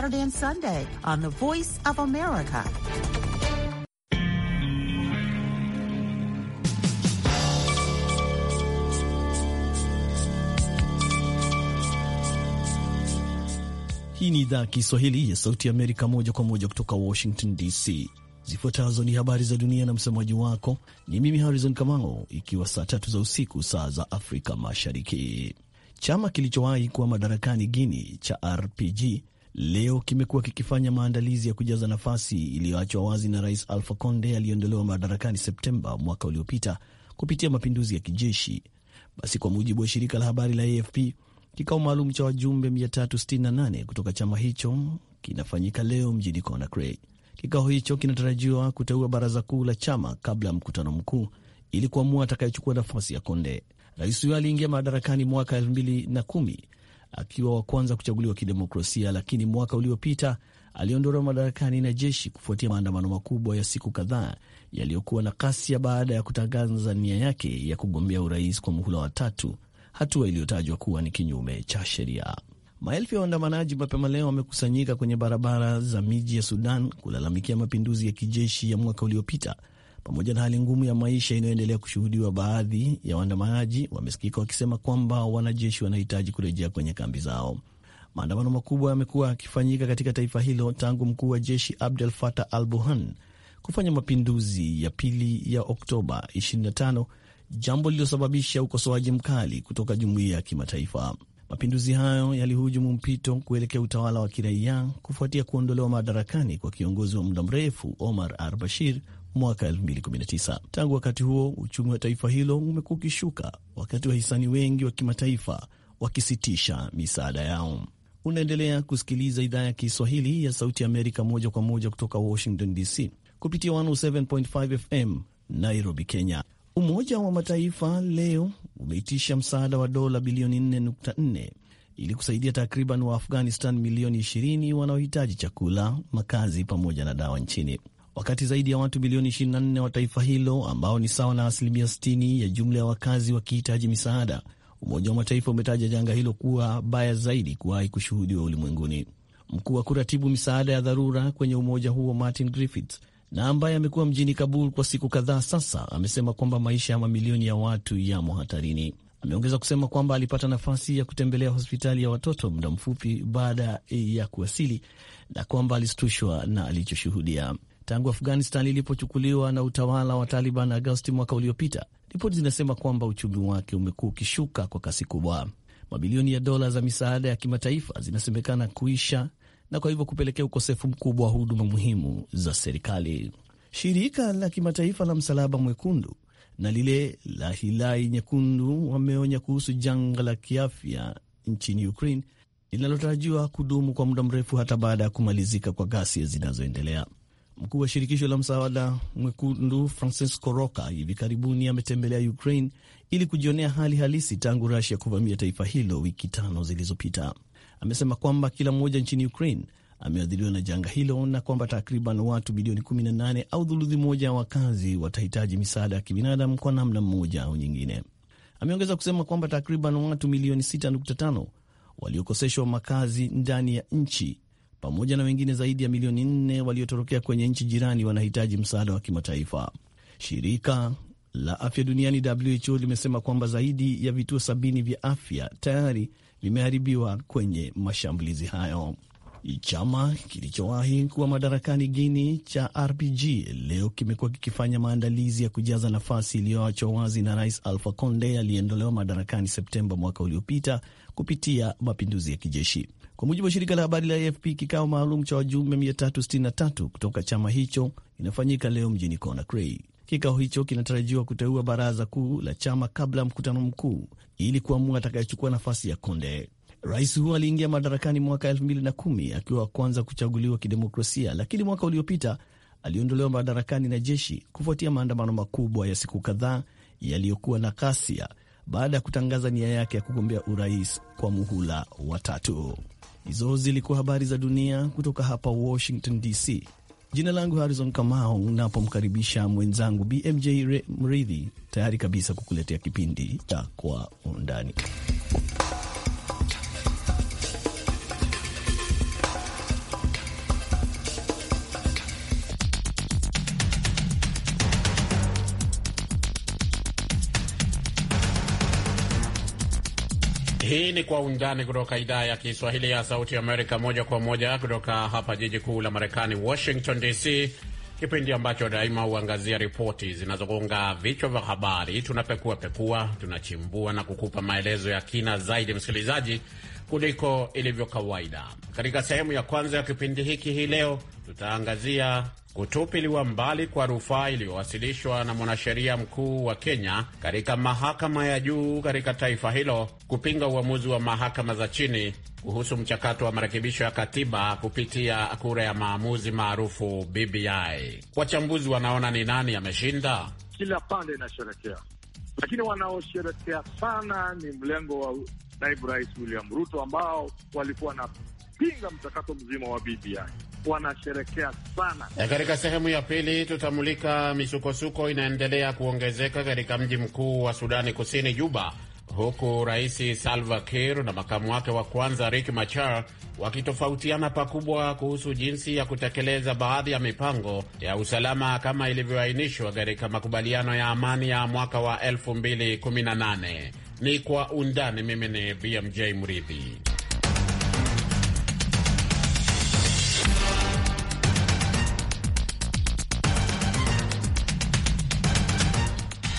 Saturday and Sunday on the Voice of America. Hii ni idhaa ya Kiswahili ya Sauti ya Amerika moja kwa moja kutoka Washington DC. Zifuatazo ni habari za dunia na msemaji wako ni mimi Harrison Kamao, ikiwa saa tatu za usiku saa za Afrika Mashariki. Chama kilichowahi kuwa madarakani Guini cha RPG leo kimekuwa kikifanya maandalizi ya kujaza nafasi iliyoachwa wazi na Rais Alfa Conde aliyeondolewa madarakani Septemba mwaka uliopita kupitia mapinduzi ya kijeshi. Basi kwa mujibu wa shirika la habari la AFP, kikao maalum cha wajumbe 368 kutoka chama hicho kinafanyika leo mjini Conakry. Kikao hicho kinatarajiwa kuteua baraza kuu la chama kabla ya mkutano mkuu ili kuamua atakayechukua nafasi ya Konde. Rais huyo aliingia madarakani mwaka 2010 akiwa wa kwanza kuchaguliwa kidemokrasia, lakini mwaka uliopita aliondolewa madarakani na jeshi kufuatia maandamano makubwa ya siku kadhaa yaliyokuwa na kasia baada ya kutangaza nia yake ya kugombea urais kwa muhula wa tatu, hatua iliyotajwa kuwa ni kinyume cha sheria. Maelfu ya waandamanaji mapema leo wamekusanyika kwenye barabara za miji ya Sudan kulalamikia mapinduzi ya kijeshi ya mwaka uliopita pamoja na hali ngumu ya maisha inayoendelea kushuhudiwa, baadhi ya waandamanaji wamesikika wakisema kwamba wanajeshi wanahitaji kurejea kwenye kambi zao. Maandamano makubwa yamekuwa yakifanyika katika taifa hilo tangu mkuu wa jeshi Abdel Fattah al-Burhan kufanya mapinduzi ya pili ya Oktoba 25, jambo lililosababisha ukosoaji mkali kutoka jumuiya ya kimataifa. Mapinduzi hayo yalihujumu mpito kuelekea utawala wa kiraia kufuatia kuondolewa madarakani kwa kiongozi wa muda mrefu Omar al-Bashir mwaka 2019. Tangu wakati huo uchumi wa taifa hilo umekuwa ukishuka, wakati wahisani wengi wa kimataifa wakisitisha misaada yao. Unaendelea kusikiliza idhaa ya Kiswahili ya Sauti Amerika moja kwa moja kutoka Washington DC kupitia 107.5 FM Nairobi, Kenya. Umoja wa Mataifa leo umeitisha msaada wa dola bilioni 4.4 ili kusaidia takriban Waafghanistan milioni 20 wanaohitaji chakula, makazi pamoja na dawa nchini wakati zaidi ya watu milioni 24 wa taifa hilo ambao ni sawa na asilimia 60 ya jumla ya wakazi wakihitaji misaada. Umoja wa Mataifa umetaja janga hilo kuwa baya zaidi kuwahi kushuhudiwa ulimwenguni. Mkuu wa kuratibu misaada ya dharura kwenye umoja huo Martin Griffiths na ambaye amekuwa mjini Kabul kwa siku kadhaa sasa, amesema kwamba maisha ya mamilioni ya watu yamo hatarini. Ameongeza kusema kwamba alipata nafasi ya kutembelea hospitali ya watoto muda mfupi baada ya kuwasili na kwamba alistushwa na alichoshuhudia. Tangu Afghanistan ilipochukuliwa na utawala wa Taliban Agosti mwaka uliopita, ripoti zinasema kwamba uchumi wake umekuwa ukishuka kwa kasi kubwa. Mabilioni ya dola za misaada ya kimataifa zinasemekana kuisha na kwa hivyo kupelekea ukosefu mkubwa wa huduma muhimu za serikali. Shirika la kimataifa la Msalaba Mwekundu na lile la hilai Nyekundu wameonya kuhusu janga la kiafya nchini Ukraine linalotarajiwa kudumu kwa muda mrefu hata baada ya kumalizika kwa ghasia zinazoendelea. Mkuu wa shirikisho la msaada mwekundu Francisco Roca hivi karibuni ametembelea Ukraine ili kujionea hali halisi tangu Rusia kuvamia taifa hilo wiki tano zilizopita. Amesema kwamba kila mmoja nchini Ukraine ameathiriwa na janga hilo na kwamba takriban watu bilioni 18 au thuluthi moja ya wakazi watahitaji misaada ya kibinadamu kwa namna mmoja au nyingine. Ameongeza kusema kwamba takriban watu milioni 6.5 waliokoseshwa makazi ndani ya nchi pamoja na wengine zaidi ya milioni nne waliotorokea kwenye nchi jirani wanahitaji msaada wa kimataifa. Shirika la afya duniani WHO limesema kwamba zaidi ya vituo sabini vya afya tayari vimeharibiwa kwenye mashambulizi hayo. Chama kilichowahi kuwa madarakani Guini cha RPG leo kimekuwa kikifanya maandalizi ya kujaza nafasi iliyoachwa wazi na Rais alfa Conde aliyeondolewa madarakani Septemba mwaka uliopita kupitia mapinduzi ya kijeshi. Kwa mujibu wa shirika la habari la AFP, kikao maalum cha wajumbe 363 kutoka chama hicho inafanyika leo mjini Conakry. Kikao hicho kinatarajiwa kuteua baraza kuu la chama kabla ya mkutano mkuu ili kuamua atakayechukua nafasi ya Konde. Rais huo aliingia madarakani mwaka 2010 akiwa wa kwanza kuchaguliwa kidemokrasia, lakini mwaka uliopita aliondolewa madarakani na jeshi kufuatia maandamano makubwa ya siku kadhaa yaliyokuwa na ghasia baada ya kutangaza nia yake ya kugombea urais kwa muhula wa tatu. Hizo zilikuwa habari za dunia kutoka hapa Washington DC. Jina langu Harrison Kamau, napomkaribisha mwenzangu BMJ Mridhi, tayari kabisa kukuletea kipindi cha Kwa Undani. Hii ni Kwa Undani kutoka idhaa ya Kiswahili ya Sauti Amerika, moja kwa moja kutoka hapa jiji kuu la Marekani, Washington DC, kipindi ambacho daima huangazia ripoti zinazogonga vichwa vya habari. Tunapekua pekua, tunachimbua na kukupa maelezo ya kina zaidi, msikilizaji, kuliko ilivyo kawaida. Katika sehemu ya kwanza ya kipindi hiki hii leo tutaangazia kutupiliwa mbali kwa rufaa iliyowasilishwa na mwanasheria mkuu wa Kenya katika mahakama ya juu katika taifa hilo kupinga uamuzi wa mahakama za chini kuhusu mchakato wa marekebisho ya katiba kupitia kura ya maamuzi maarufu BBI. Wachambuzi wanaona ni nani ameshinda? Kila pande inasherekea, lakini wanaosherekea sana ni mlengo wa naibu rais William Ruto ambao walikuwa wanapinga mchakato mzima wa BBI wanasherekea sana. Katika sehemu ya pili tutamulika misukosuko inaendelea kuongezeka katika mji mkuu wa Sudani Kusini, Juba, huku Rais Salva Kiir na makamu wake wa kwanza Riek Machar wakitofautiana pakubwa kuhusu jinsi ya kutekeleza baadhi ya mipango ya usalama kama ilivyoainishwa katika makubaliano ya amani ya mwaka wa 2018. Ni kwa undani. Mimi ni BMJ Mridhi.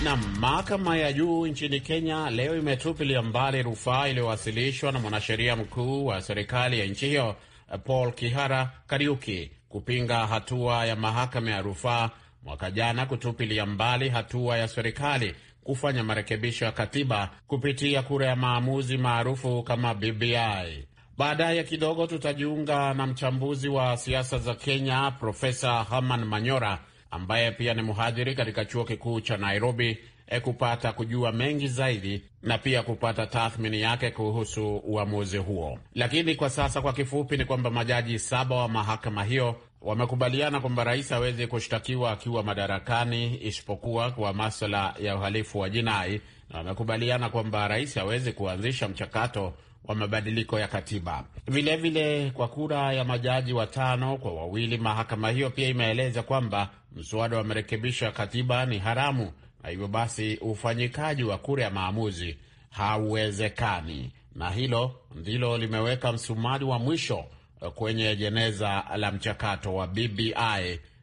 Na mahakama ya juu nchini Kenya leo imetupilia mbali rufaa iliyowasilishwa na mwanasheria mkuu wa serikali ya nchi hiyo Paul Kihara Kariuki kupinga hatua ya mahakama ya rufaa mwaka jana kutupilia mbali hatua ya serikali kufanya marekebisho ya katiba kupitia kura ya maamuzi maarufu kama BBI. Baadaye kidogo tutajiunga na mchambuzi wa siasa za Kenya Profesa Herman Manyora ambaye pia ni mhadhiri katika chuo kikuu cha Nairobi e kupata kujua mengi zaidi na pia kupata tathmini yake kuhusu uamuzi huo. Lakini kwa sasa, kwa kifupi, ni kwamba majaji saba wa mahakama hiyo wamekubaliana kwamba rais hawezi kushtakiwa akiwa madarakani isipokuwa kwa maswala ya uhalifu wa jinai, na wamekubaliana kwamba rais hawezi kuanzisha mchakato wa mabadiliko ya katiba. Vilevile vile, kwa kura ya majaji watano kwa wawili, mahakama hiyo pia imeeleza kwamba mswada wa marekebisho ya katiba ni haramu na hivyo basi ufanyikaji wa kura ya maamuzi hauwezekani, na hilo ndilo limeweka msumari wa mwisho kwenye jeneza la mchakato wa BBI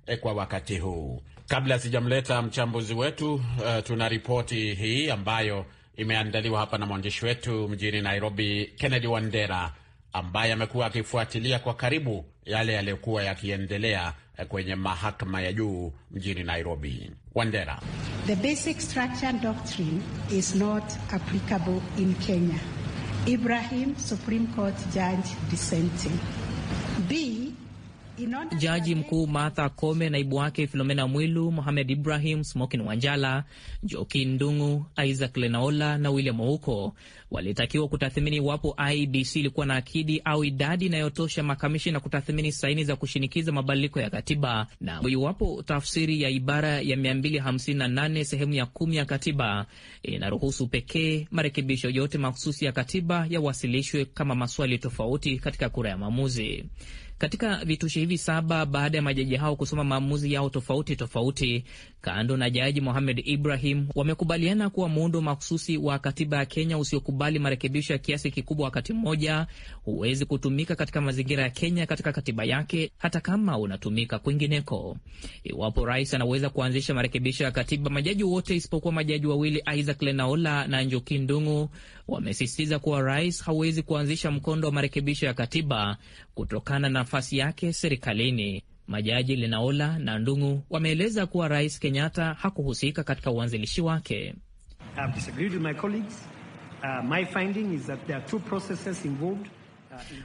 eh, kwa wakati huu. Kabla sijamleta mchambuzi wetu, uh, tuna ripoti hii ambayo imeandaliwa hapa na mwandishi wetu mjini Nairobi, Kennedy Wandera, ambaye amekuwa akifuatilia kwa karibu yale yaliyokuwa yakiendelea kwenye mahakama ya juu mjini Nairobi. Wandera: The basic structure doctrine is not applicable in Kenya. Ibrahim, Supreme Court judge dissenting. B Jaji Mkuu Martha Kome, naibu wake Filomena Mwilu, Mohamed Ibrahim, Smokin Wanjala, Jokin Ndungu, Isaac Lenaola na William Ouko walitakiwa kutathimini iwapo IBC ilikuwa na akidi au idadi inayotosha makamishi na kutathimini saini za kushinikiza mabadiliko ya katiba na iwapo tafsiri ya ibara ya 258 sehemu ya kumi ya katiba inaruhusu pekee marekebisho yote mahususi ya katiba yawasilishwe kama maswali tofauti katika kura ya maamuzi. Katika vitushi hivi saba baada ya majaji hao kusoma maamuzi yao tofauti tofauti, kando na Jaji Mohamed Ibrahim wamekubaliana kuwa muundo mahususi wa katiba ya Kenya usiokubali marekebisho ya kiasi kikubwa wakati mmoja huwezi kutumika katika mazingira ya Kenya katika katiba yake, hata kama unatumika kwingineko. Iwapo rais anaweza kuanzisha marekebisho ya katiba, majaji wote isipokuwa majaji wawili Isaac Lenaola na Njoki Ndung'u wamesisitiza kuwa rais hawezi kuanzisha mkondo wa marekebisho ya katiba kutokana na nafasi yake serikalini. Majaji Linaola na Ndung'u wameeleza kuwa Rais Kenyatta hakuhusika katika uanzilishi wake. I've disagreed with my colleagues. Uh, my finding is that there are two processes involved.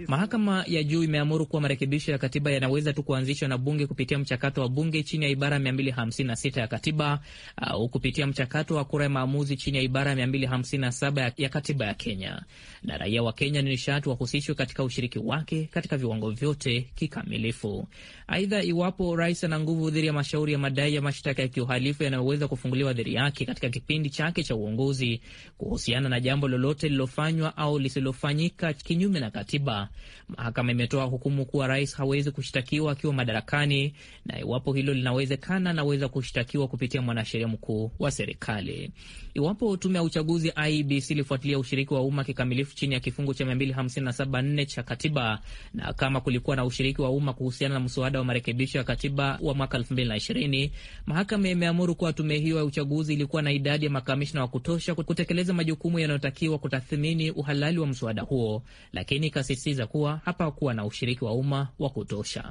Mahakama ya juu imeamuru kuwa marekebisho ya katiba yanaweza tu kuanzishwa na bunge kupitia mchakato wa bunge chini ya ibara mia mbili hamsini na sita ya katiba au uh, kupitia mchakato wa kura ya maamuzi chini ya ibara mia mbili hamsini na saba ya katiba ya Kenya, na raia wa Kenya ni sharti wahusishwe katika ushiriki wake katika viwango vyote kikamilifu. Aidha, iwapo rais ana nguvu dhidi ya mashauri ya madai ya mashtaka ya kiuhalifu yanayoweza kufunguliwa dhidi yake katika kipindi chake cha uongozi kuhusiana na jambo lolote lililofanywa au lisilofanyika kinyume na katiba katiba. Mahakama imetoa hukumu kuwa rais hawezi kushtakiwa akiwa madarakani, na iwapo hilo linawezekana, anaweza kushtakiwa kupitia mwanasheria mkuu wa serikali. Iwapo tume ya uchaguzi IEBC ilifuatilia ushiriki wa umma kikamilifu chini ya kifungu cha 257.4 cha katiba, na kama kulikuwa na ushiriki wa umma kuhusiana na mswada wa marekebisho ya katiba wa mwaka 2020, mahakama imeamuru kuwa tume hiyo ya uchaguzi ilikuwa na idadi ya makamishna wa kutosha kutekeleza majukumu yanayotakiwa kutathmini uhalali wa mswada huo, lakini anasisitiza kuwa hapakuwa na ushiriki wa umma wa kutosha,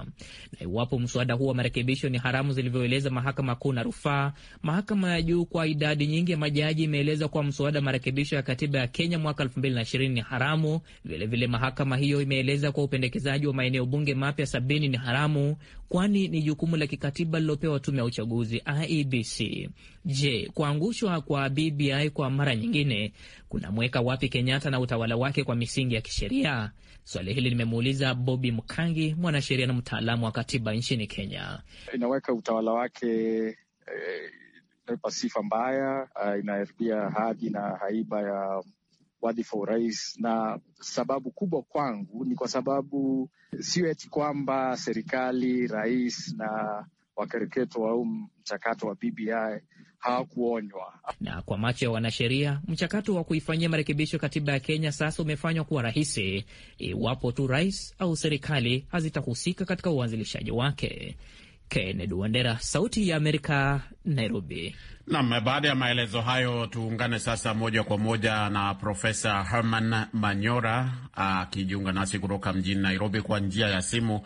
na iwapo mswada huo wa marekebisho ni haramu zilivyoeleza mahakama kuu na rufaa, mahakama ya juu kwa idadi nyingi ya majaji imeeleza kuwa mswada wa marekebisho ya katiba ya Kenya mwaka 2020 ni haramu. Vilevile vile mahakama hiyo imeeleza kuwa upendekezaji wa maeneo bunge mapya sabini ni haramu, kwani ni jukumu la kikatiba lilopewa tume ya uchaguzi IEBC. Je, kuangushwa kwa BBI kwa mara nyingine kunamweka wapi Kenyatta na utawala wake kwa misingi ya kisheria? Swali hili limemuuliza Bobi Mkangi, mwanasheria na mtaalamu wa katiba nchini Kenya. Inaweka utawala wake eh, e, sifa mbaya, uh, inaharibia hadhi na haiba ya wadhifa wa urais, na sababu kubwa kwangu ni kwa sababu sio eti kwamba serikali, rais na wakereketo au mchakato wa BBI hawakuonywa. Na kwa macho ya wanasheria, mchakato wa kuifanyia marekebisho katiba ya Kenya sasa umefanywa kuwa rahisi iwapo tu rais au serikali hazitahusika katika uanzilishaji wake. Kennedy Wandera, Sauti ya Amerika, Nairobi. Nam, baada ya maelezo hayo, tuungane sasa moja kwa moja na Profesa Herman Manyora akijiunga nasi kutoka mjini Nairobi kwa njia ya simu.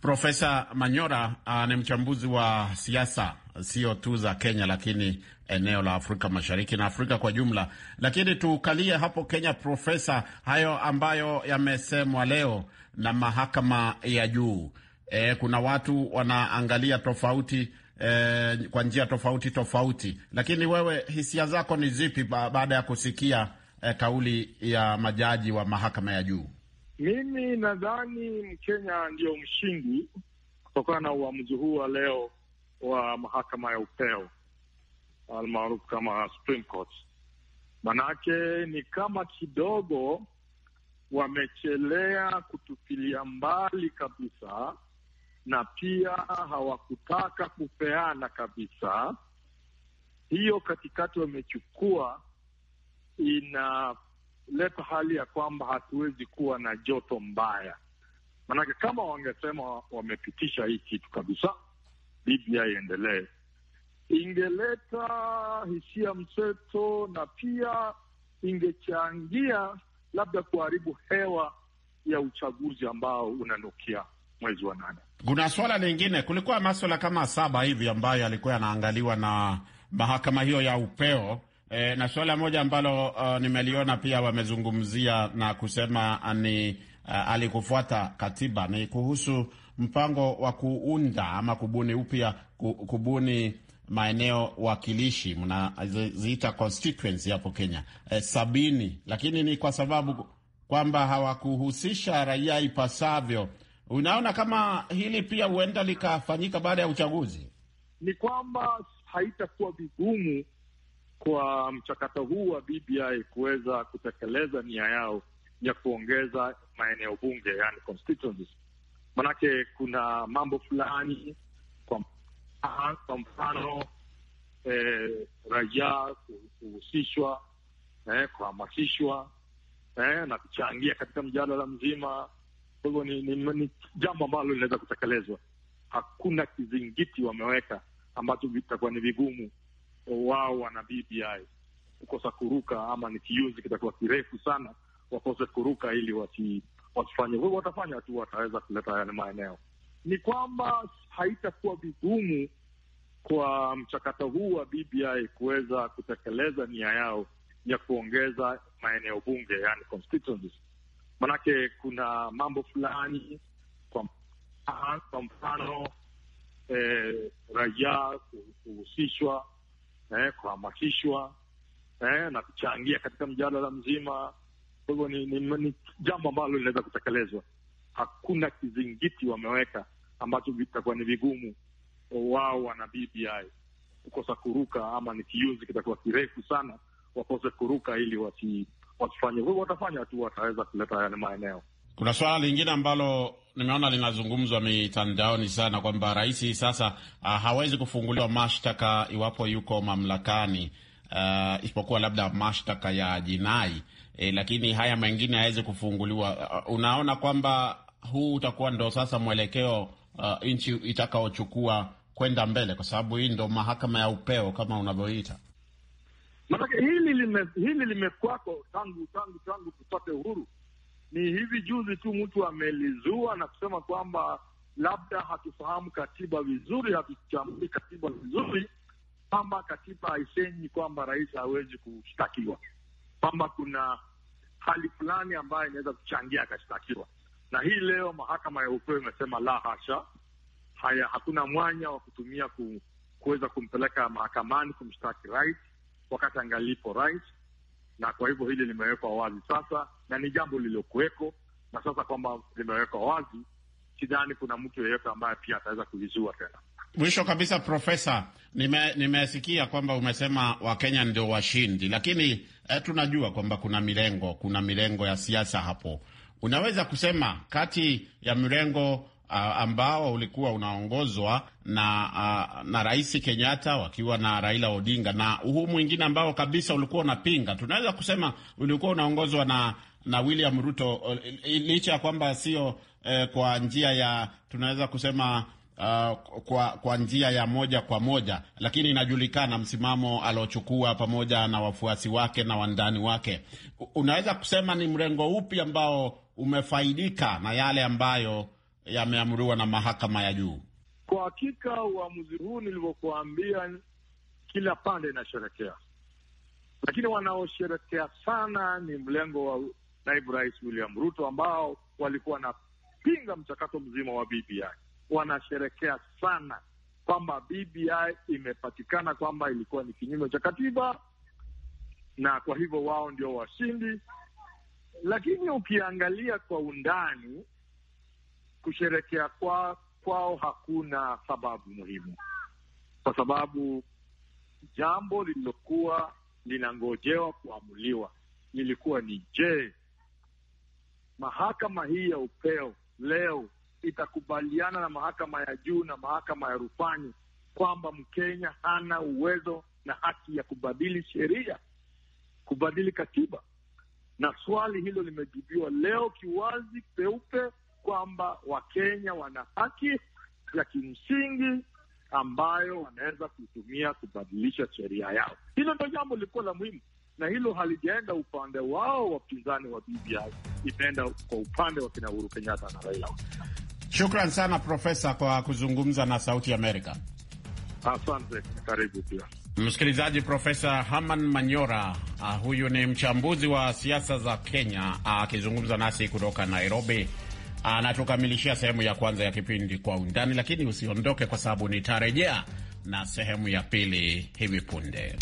Profesa Manyora a, ah, ni mchambuzi wa siasa sio tu za Kenya, lakini eneo la Afrika Mashariki na Afrika kwa jumla. Lakini tukalie hapo Kenya, Profesa, hayo ambayo yamesemwa leo na mahakama ya juu. E, kuna watu wanaangalia tofauti e, kwa njia tofauti tofauti, lakini wewe hisia zako ni zipi baada ya kusikia e, kauli ya majaji wa mahakama ya juu? Mimi nadhani Mkenya ndio mshindi kutokana na uamuzi huu wa leo wa mahakama ya upeo almaarufu kama Supreme Court. Manake ni kama kidogo wamechelea kutupilia mbali kabisa, na pia hawakutaka kupeana kabisa. Hiyo katikati wamechukua, inaleta hali ya kwamba hatuwezi kuwa na joto mbaya, manake kama wangesema wamepitisha hii kitu kabisa Libya iendelee, ingeleta hisia mseto na pia ingechangia labda kuharibu hewa ya uchaguzi ambao unanukia mwezi wa nane. Kuna swala lingine, kulikuwa maswala kama saba hivi ambayo yalikuwa yanaangaliwa na mahakama hiyo ya upeo e, na suala moja ambalo uh, nimeliona pia wamezungumzia na kusema ni uh, alikufuata katiba ni kuhusu mpango wa kuunda ama kubuni upya kubuni maeneo wakilishi mnaziita constituency hapo Kenya e, sabini, lakini ni kwa sababu kwamba hawakuhusisha raia ipasavyo. Unaona kama hili pia huenda likafanyika baada ya uchaguzi, ni kwamba haitakuwa vigumu kwa mchakato huu wa BBI kuweza kutekeleza nia yao ya kuongeza maeneo bunge, yani constituencies, manake kuna mambo fulani kwa, kwa mfano eh, raia kuhusishwa eh, kuhamasishwa eh, na kuchangia katika mjadala mzima. Kwa hivyo ni, ni, ni jambo ambalo linaweza kutekelezwa. Hakuna kizingiti wameweka ambacho vitakuwa ni vigumu wao wana BBI kukosa kuruka, ama ni kiunzi kitakuwa kirefu sana wakose kuruka ili wasi wasifanye hivyo, watafanya tu, wataweza kuleta yale maeneo. Ni kwamba haitakuwa vigumu kwa mchakato huu wa BBI kuweza kutekeleza nia yao ya kuongeza maeneo bunge, yani constituencies, manake kuna mambo fulani, kwa mfano eh, raia kuhusishwa eh, kuhamasishwa eh, na kuchangia katika mjadala mzima kwa hivyo ni, ni, ni jambo ambalo linaweza kutekelezwa. Hakuna kizingiti wameweka ambacho vitakuwa ni vigumu wao wana BBI kukosa kuruka, ama ni kiunzi kitakuwa kirefu sana wakose kuruka ili wasi, wasifanye. Kwa hivyo watafanya tu, wataweza kuleta yale maeneo. Kuna swala lingine ambalo nimeona linazungumzwa mitandaoni sana kwamba rais sasa uh, hawezi kufunguliwa mashtaka iwapo yuko mamlakani, uh, isipokuwa labda mashtaka ya jinai e, lakini haya mengine hayawezi kufunguliwa. Uh, unaona kwamba huu utakuwa ndo sasa mwelekeo uh, nchi itakaochukua kwenda mbele, kwa sababu hii ndo mahakama ya upeo kama unavyoita. manake hili lime, hili limekwako tangu tangu tangu tupate uhuru. Ni hivi juzi tu mtu amelizua na kusema kwamba labda hatufahamu katiba vizuri, hatuchambui katiba vizuri, kwamba katiba haisenyi kwamba rais hawezi kushtakiwa, kwamba kuna hali fulani ambayo inaweza kuchangia akashtakiwa. Na hii leo mahakama ya upeo imesema la hasha, haya, hakuna mwanya wa kutumia ku, kuweza kumpeleka mahakamani kumshtaki rais wakati angalipo rais, na kwa hivyo hili limewekwa wazi sasa, na ni jambo lililokuweko na sasa kwamba limewekwa wazi, sidhani kuna mtu yeyote ambaye pia ataweza kulizua tena. Mwisho kabisa, Profesa, nime, nimesikia kwamba umesema Wakenya ndio washindi, lakini eh, tunajua kwamba kuna milengo, kuna milengo ya siasa hapo. Unaweza kusema kati ya mrengo Uh, ambao ulikuwa unaongozwa na uh, na Rais Kenyatta wakiwa na Raila Odinga na huu mwingine ambao kabisa ulikuwa unapinga, tunaweza kusema ulikuwa unaongozwa na na William Ruto licha ya kwamba sio eh, kwa njia ya tunaweza kusema uh, kwa, kwa njia ya moja kwa moja, lakini inajulikana msimamo aliochukua pamoja na wafuasi wake na wandani wake. Unaweza kusema ni mrengo upi ambao umefaidika na yale ambayo yameamriwa na mahakama ya juu? Kwa hakika uamuzi huu nilivyokuambia, kila pande inasherekea, lakini wanaosherekea sana ni mlengo wa naibu rais William Ruto ambao walikuwa wanapinga mchakato mzima wa BBI wanasherekea sana kwamba BBI imepatikana kwamba ilikuwa ni kinyume cha katiba, na kwa hivyo wao ndio washindi. Lakini ukiangalia kwa undani, kusherekea kwa kwao hakuna sababu muhimu, kwa sababu jambo lililokuwa linangojewa kuamuliwa lilikuwa ni je, mahakama hii ya upeo leo itakubaliana na mahakama ya juu na mahakama ya rufani kwamba Mkenya hana uwezo na haki ya kubadili sheria, kubadili katiba. Na swali hilo limejibiwa leo kiwazi peupe kwamba Wakenya wana haki ya kimsingi ambayo wanaweza kuitumia kubadilisha sheria yao. Hilo ndo jambo lilikuwa la muhimu, na hilo halijaenda upande wao wapinzani wa BBI, imeenda kwa upande wa kina Uhuru Kenyatta na Raila. Shukran sana Profesa kwa kuzungumza na Sauti Amerika. Asante, karibu pia msikilizaji. Profesa Haman Manyora, uh, huyu ni mchambuzi wa siasa za Kenya akizungumza uh, nasi kutoka Nairobi. Anatukamilishia uh, sehemu ya kwanza ya kipindi Kwa Undani, lakini usiondoke kwa sababu nitarejea na sehemu ya pili hivi punde.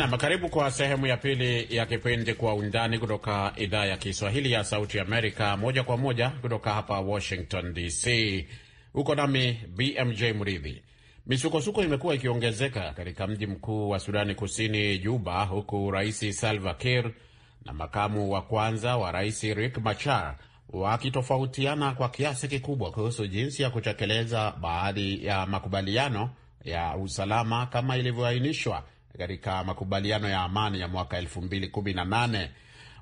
Nam, karibu kwa sehemu ya pili ya kipindi Kwa Undani kutoka idhaa ya Kiswahili ya Sauti Amerika, moja kwa moja kutoka hapa Washington DC. Huko nami BMJ Mridhi. Misukosuko imekuwa ikiongezeka katika mji mkuu wa Sudani Kusini, Juba, huku Rais Salva Kiir na makamu wa kwanza wa rais Riek Machar wakitofautiana kwa kiasi kikubwa kuhusu jinsi ya kutekeleza baadhi ya makubaliano ya usalama kama ilivyoainishwa katika makubaliano ya amani ya mwaka 2018.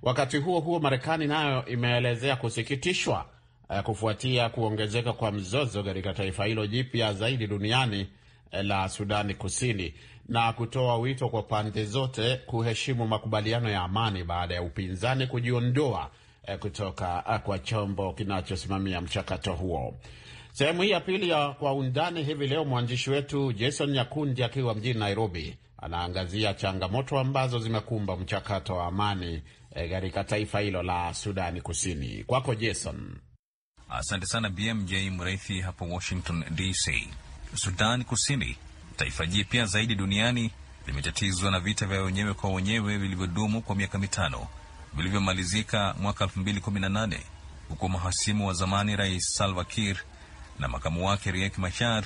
Wakati huo huo, Marekani nayo imeelezea kusikitishwa uh, kufuatia kuongezeka kwa mzozo katika taifa hilo jipya zaidi duniani eh, la Sudani Kusini na kutoa wito kwa pande zote kuheshimu makubaliano ya amani baada ya upinzani kujiondoa eh, kutoka kwa chombo kinachosimamia mchakato huo. Sehemu hii ya pili ya Kwa Undani hivi leo, mwandishi wetu Jason Nyakundi akiwa mjini Nairobi anaangazia changamoto ambazo zimekumba mchakato wa amani eh, katika taifa hilo la Sudani Kusini. Kwako Jason. Asante sana BMJ mraithi hapo Washington DC. sudani Kusini, taifa jipya zaidi duniani, limetatizwa na vita vya wenyewe kwa wenyewe vilivyodumu kwa miaka mitano vilivyomalizika mwaka 2018 huku mahasimu wa zamani Rais Salva Kiir na makamu wake Riek Machar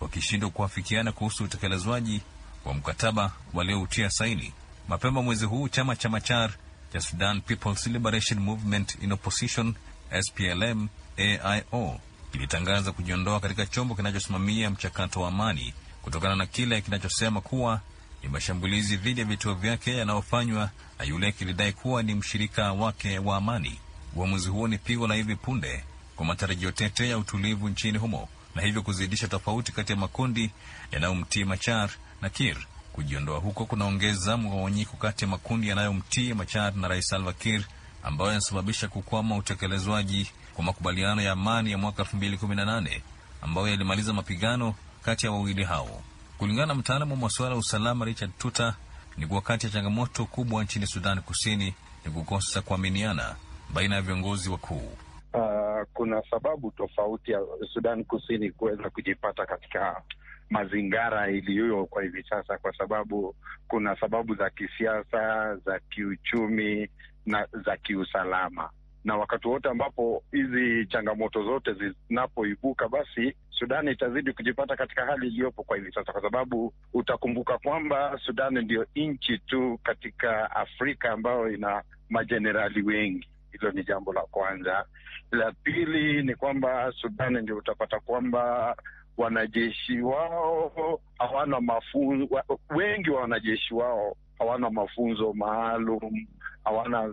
wakishindwa kuafikiana kuhusu utekelezwaji wa mkataba walioutia saini mapema mwezi huu. Chama cha Machar cha Sudan People's Liberation Movement in Opposition SPLM AIO kilitangaza kujiondoa katika chombo kinachosimamia mchakato wa amani kutokana na kile kinachosema kuwa ni mashambulizi dhidi ya vituo vyake yanayofanywa na yule kilidai kuwa ni mshirika wake wa amani. Uamuzi huo ni pigo la hivi punde kwa matarajio tete ya utulivu nchini humo na hivyo kuzidisha tofauti kati ya makundi yanayomtii Machar na Kir. Kujiondoa huko kunaongeza mgawanyiko kati ya makundi yanayomtii Machar na Rais Salva Kir, ambayo yanasababisha kukwama utekelezwaji kwa makubaliano ya amani ya mwaka 2018 ambayo yalimaliza mapigano kati ya wawili hao. Kulingana na mtaalamu wa masuala ya usalama Richard Tuta, ni kuwa kati ya changamoto kubwa nchini Sudan Kusini ni kukosa kuaminiana baina ya viongozi wakuu. Uh, kuna sababu tofauti ya Sudan Kusini kuweza kujipata katika mazingara iliyo kwa hivi sasa, kwa sababu kuna sababu za kisiasa, za kiuchumi na za kiusalama. Na wakati wote ambapo hizi changamoto zote zinapoibuka, basi Sudani itazidi kujipata katika hali iliyopo kwa hivi sasa, kwa sababu utakumbuka kwamba Sudani ndiyo nchi tu katika Afrika ambayo ina majenerali wengi. Hilo ni jambo la kwanza. La pili ni kwamba Sudani ndio utapata kwamba wanajeshi wao hawana mafunzo, wengi wa wanajeshi wao hawana mafunzo maalum, hawana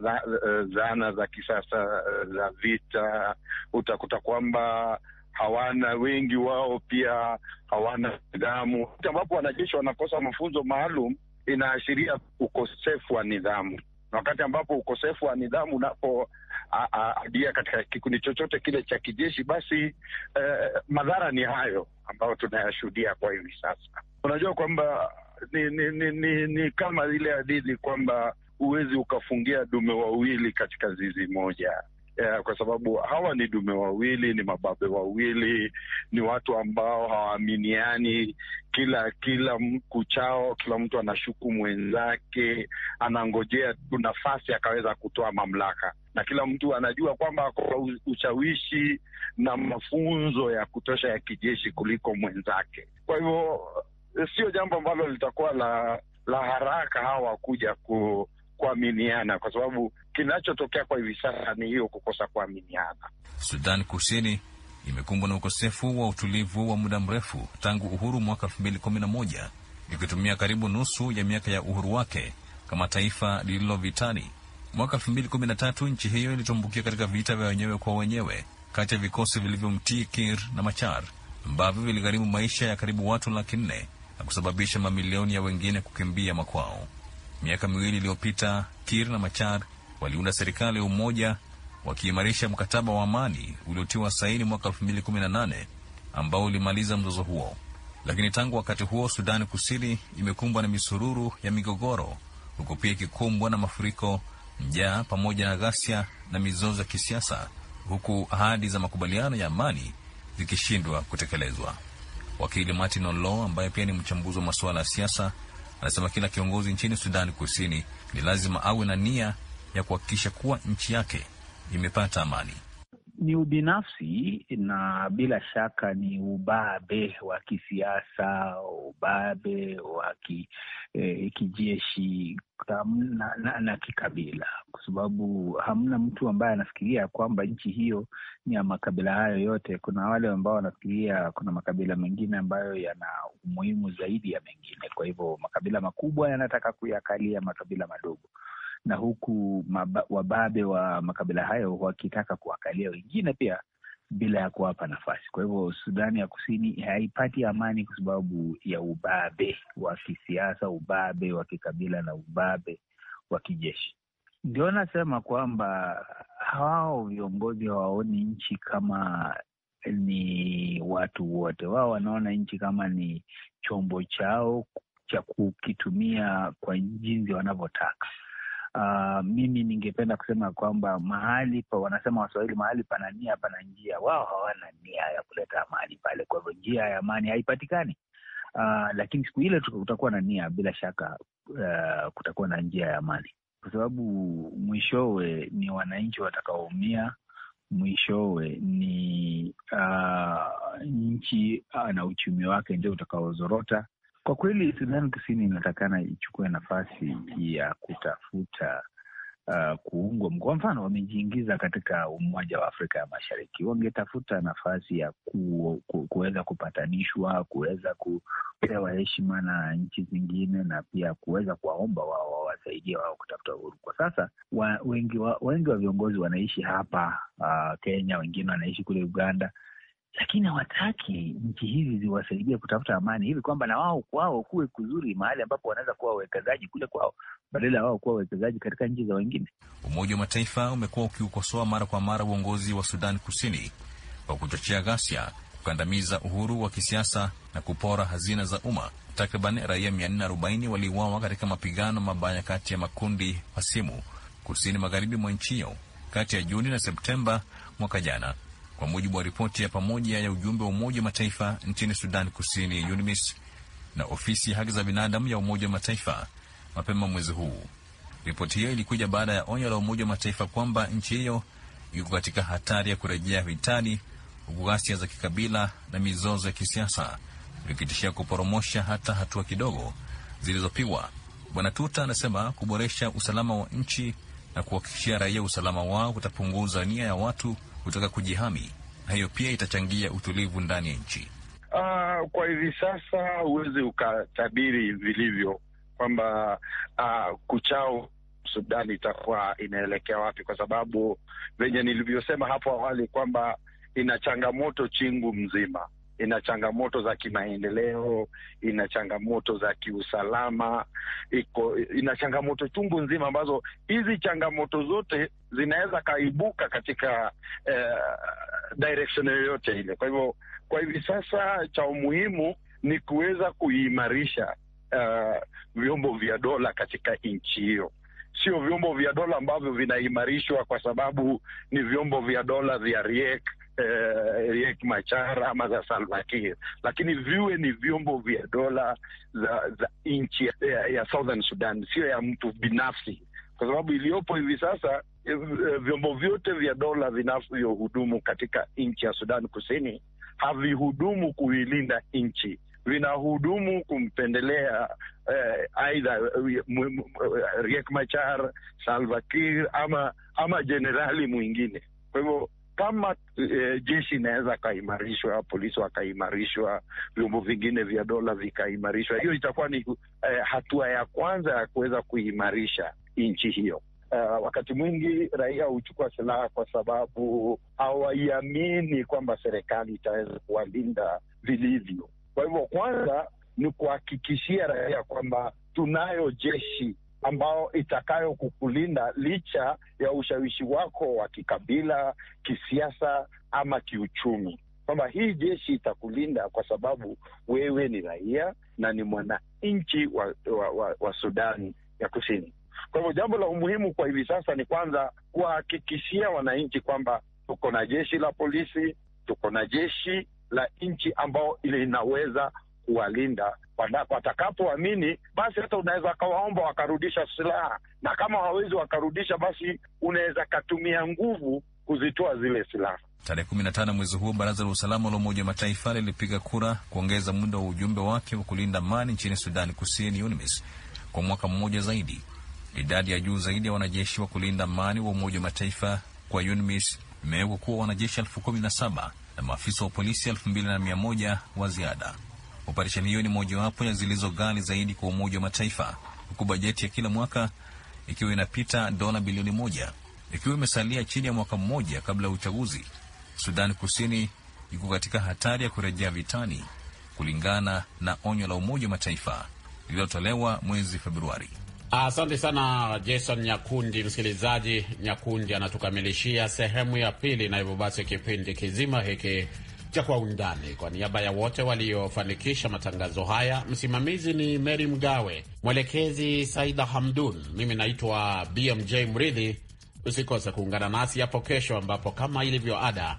eh, zana za kisasa eh, za vita. Utakuta kwamba hawana wengi wao pia hawana nidhamu. Ambapo wanajeshi wanakosa mafunzo maalum, inaashiria ukosefu wa nidhamu, na wakati ambapo ukosefu wa nidhamu unapo adia katika kikundi chochote kile cha kijeshi, basi eh, madhara ni hayo ambayo tunayashuhudia kwa hivi sasa. Unajua kwamba ni ni, ni, ni ni kama ile hadithi kwamba huwezi ukafungia dume wawili katika zizi moja Yeah, kwa sababu hawa ni dume wawili, ni mababe wawili, ni watu ambao hawaaminiani kila kila kuchao, kila mtu anashuku mwenzake, anangojea tu nafasi akaweza kutoa mamlaka, na kila mtu anajua kwamba ako ushawishi na mafunzo ya kutosha ya kijeshi kuliko mwenzake. Kwa hivyo sio jambo ambalo litakuwa la, la haraka hawa kuja ku kuaminiana kwa sababu kinachotokea kwa hivi sasa ni hiyo kukosa kuaminiana. Sudan Kusini imekumbwa na ukosefu wa utulivu wa muda mrefu tangu uhuru mwaka 2011 ikitumia karibu nusu ya miaka ya uhuru wake kama taifa lililo vitani. Mwaka 2013 nchi hiyo ilitumbukia katika vita vya wenyewe kwa wenyewe kati ya vikosi vilivyomtii Kir na Machar ambavyo viligharimu maisha ya karibu watu laki nne na kusababisha mamilioni ya wengine kukimbia makwao. Miaka miwili iliyopita, Kir na Machar waliunda serikali ya umoja wakiimarisha mkataba wa amani uliotiwa saini mwaka 2018 ambao ulimaliza mzozo huo. Lakini tangu wakati huo Sudani Kusini imekumbwa na misururu ya migogoro, huku pia ikikumbwa na mafuriko, njaa, pamoja na ghasia na mizozo ya kisiasa, huku ahadi za makubaliano ya amani zikishindwa kutekelezwa. Wakili Martin Olo, ambaye pia ni mchambuzi wa masuala ya siasa, anasema kila kiongozi nchini Sudani Kusini ni lazima awe na nia ya kuhakikisha kuwa nchi yake imepata amani ni ubinafsi na bila shaka ni ubabe wa kisiasa, ubabe wa eh, kijeshi na, na, na kikabila, kwa sababu hamna mtu ambaye anafikiria kwamba nchi hiyo ni ya makabila hayo yote. Kuna wale ambao wanafikiria kuna makabila mengine ambayo yana umuhimu zaidi ya mengine, kwa hivyo makabila makubwa yanataka kuyakalia makabila madogo na huku wababe wa makabila hayo wakitaka kuangalia wengine pia bila ya kuwapa nafasi. Kwa hivyo Sudani ya Kusini haipati amani kwa sababu ya ubabe wa kisiasa, ubabe wa kikabila na ubabe wa kijeshi. Ndio nasema kwamba hao viongozi hawaoni nchi kama ni watu wote, wao wanaona nchi kama ni chombo chao cha kukitumia kwa jinsi wanavyotaka. Uh, mimi ningependa kusema kwamba mahali pa, wanasema Waswahili, mahali pana nia pana njia. Wao hawana nia ya kuleta amani pale, kwa hivyo njia ya amani haipatikani. Uh, lakini siku ile kutakuwa na nia, bila shaka uh, kutakuwa na njia ya amani, kwa sababu mwishowe ni wananchi watakaoumia, mwishowe ni uh, nchi uh, na uchumi wake ndio utakaozorota kwa kweli sudani Kusini inatakana ichukue nafasi ya kutafuta uh, kuungwa Kwa mfano, wamejiingiza katika Umoja wa Afrika ya Mashariki, wangetafuta nafasi ya ku, ku, kuweza kupatanishwa, kuweza kupewa heshima na nchi zingine, na pia kuweza kuwaomba wao wawasaidie wao kutafuta uhuru. Kwa sasa wa, wengi, wa, wengi wa viongozi wanaishi hapa uh, Kenya, wengine wanaishi kule Uganda lakini hawataki nchi hizi ziwasaidia kutafuta amani, hivi kwamba na wao kwao kuwe kuzuri, mahali ambapo wanaweza kuwa wawekezaji kule kwao, badala ya wao kuwa wawekezaji katika nchi za wengine. Umoja wa Mataifa umekuwa ukiukosoa mara kwa mara uongozi wa Sudan Kusini kwa kuchochea ghasia, kukandamiza uhuru wa kisiasa na kupora hazina za umma. Takriban raia 440 waliuawa katika mapigano mabaya kati ya makundi hasimu kusini magharibi mwa nchi hiyo kati ya Juni na Septemba mwaka jana kwa mujibu wa ripoti ya pamoja ya ujumbe wa Umoja wa Mataifa nchini Sudan Kusini, UNMISS na ofisi ya haki za binadamu ya Umoja wa Mataifa mapema mwezi huu. Ripoti hiyo ilikuja baada ya onyo la Umoja wa Mataifa kwamba nchi hiyo iko katika hatari ya kurejea vitani, huku ghasia za kikabila na mizozo ya kisiasa vikitishia kuporomosha hata hatua kidogo zilizopigwa. Bwana Tuta anasema kuboresha usalama wa nchi na kuhakikishia raia usalama wao kutapunguza nia ya watu kutaka kujihami, na hiyo pia itachangia utulivu ndani ya nchi. Uh, kwa hivi sasa huwezi ukatabiri vilivyo kwamba uh, kuchao Sudani itakuwa inaelekea wapi, kwa sababu venye nilivyosema hapo awali kwamba ina changamoto chingu mzima ina changamoto za kimaendeleo, ina changamoto za kiusalama, iko ina changamoto chungu nzima, ambazo hizi changamoto zote zinaweza kaibuka katika eh, direction yoyote ile. Kwa hivyo kwa hivi sasa cha umuhimu ni kuweza kuimarisha uh, vyombo vya dola katika nchi hiyo, sio vyombo vya dola ambavyo vinaimarishwa kwa sababu ni vyombo vya dola vya riek eh, Riek Machar ama za Salva Kiir, lakini viwe ni vyombo vya dola za, za nchi ya, ya Southern Sudan, sio ya mtu binafsi, kwa sababu iliyopo hivi sasa eh, vyombo vyote vya dola vinavyohudumu katika nchi ya Sudan Kusini havihudumu kuilinda nchi, vinahudumu kumpendelea eh, aidha eh, Riek Machar, Salva Kiir ama ama jenerali mwingine. Kwa hivyo kama e, jeshi inaweza kaimarishwa, polisi wakaimarishwa, vyombo vingine vya dola vikaimarishwa, hiyo itakuwa ni e, hatua ya kwanza ya kuweza kuimarisha nchi hiyo. Uh, wakati mwingi raia huchukua silaha kwa sababu hawaiamini kwamba serikali itaweza kuwalinda vilivyo. Kwa hivyo, kwanza ni kuhakikishia raia kwamba tunayo jeshi ambao itakayo kukulinda licha ya ushawishi wako wa kikabila, kisiasa ama kiuchumi, kwamba hii jeshi itakulinda kwa sababu wewe ni raia na ni mwananchi wa, wa, wa, wa Sudani ya Kusini. Kwa hivyo jambo la umuhimu kwa hivi sasa ni kwanza kuwahakikishia wananchi kwamba tuko na jeshi la polisi, tuko na jeshi la nchi ambao linaweza kuwalinda watakapoamini, basi hata unaweza kawaomba wakarudisha silaha, na kama hawawezi wakarudisha, basi unaweza katumia nguvu kuzitoa zile silaha. Tarehe kumi na tano mwezi huu baraza la usalama la Umoja wa Mataifa lilipiga kura kuongeza muda wa ujumbe wake wa kulinda amani nchini Sudani Kusini, UNMISS, kwa mwaka mmoja zaidi. Idadi ya juu zaidi ya wanajeshi wa kulinda amani wa Umoja wa Mataifa kwa UNMISS imewekwa kuwa wanajeshi elfu kumi na saba na maafisa wa polisi elfu mbili na mia moja wa ziada. Operesheni hiyo ni mojawapo ya zilizo ghali zaidi kwa Umoja wa Mataifa, huku bajeti ya kila mwaka ikiwa inapita dola bilioni moja, ikiwa imesalia chini ya mwaka mmoja kabla ya uchaguzi. Sudan Kusini iko katika hatari ya kurejea vitani kulingana na onyo la Umoja wa Mataifa lililotolewa mwezi Februari. Asante sana Jason Nyakundi. Msikilizaji, Nyakundi anatukamilishia sehemu ya pili, na hivyo basi kipindi kizima hiki cha Kwa Undani. Kwa niaba ya wote waliofanikisha matangazo haya, msimamizi ni Mary Mgawe, mwelekezi Saida Hamdun, mimi naitwa BMJ Mridhi. Usikose kuungana nasi hapo kesho, ambapo kama ilivyo ada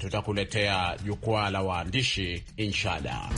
tutakuletea jukwaa la waandishi, inshallah.